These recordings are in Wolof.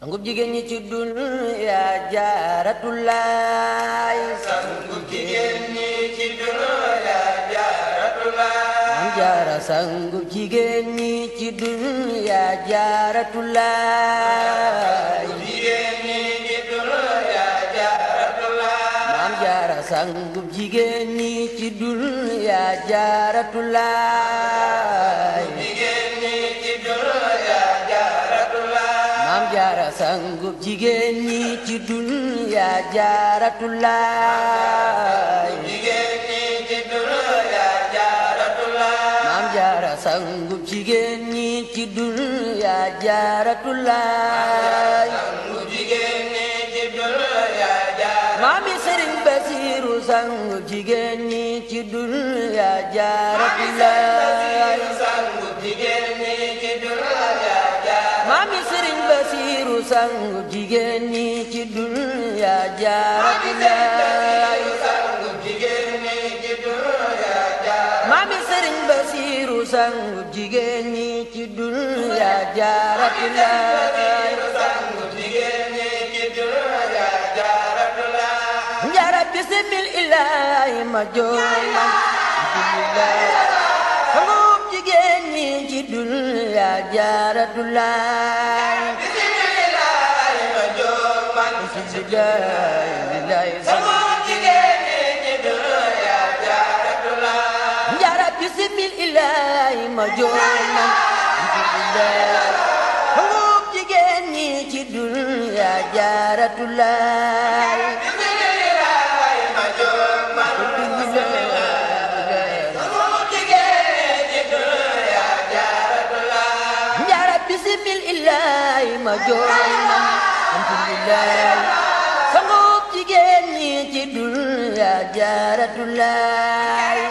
sangub jigéen ñi ci dunya jaaratullaay sangub jigéen ñi ci dunya jaaratullaay maam jaara sangub jaara sangu jigéen ñi ci dul yaa jaaratulaay yu sangu jigéen ñi ci dunya jaaratu laay maami sëriñ sangu jigéen ñi ci dunya jaaratu laay njaara bisimil ma jooy jigéen ñi ci dunya jaaratu ma joy alhamdulilah sangub jigéen ñi ci dunya jaaratullaay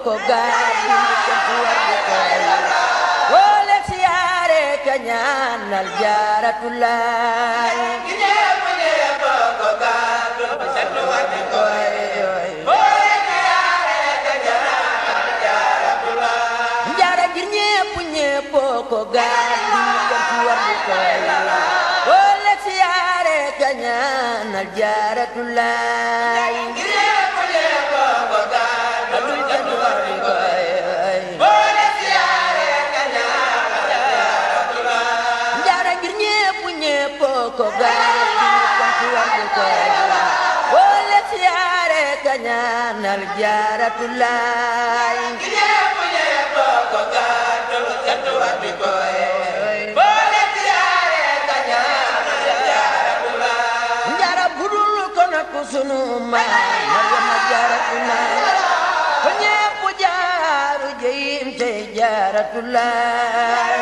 ko gaal di ko waral wala siyaare ka ñaanal jaaratulaay. la ñaanal jaaratulaay ñaanal jaaratulaay ñepp ñepp ko gàttal gàttal bi koy umma maryama jaaratuna fa ñépp jaaru jeyim te jaaratullah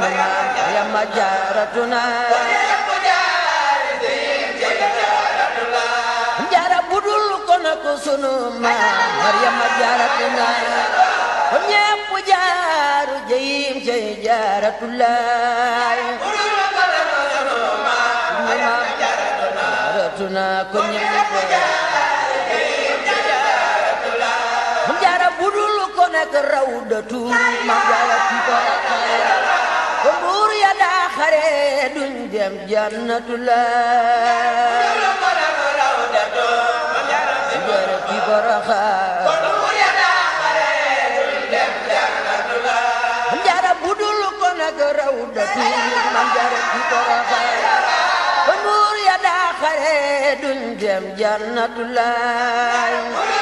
maryama jaaratuna jaara budul kona ko sunu ma maryama jaaratuna fa ñépp jaaru jeyim te jaaratullah jaratuna ko nekk rawdatu mam jaara ki ko rakkale ba mbuur dem jannatu ko rakkale mam jaara budul ko duñ dem jannatu laay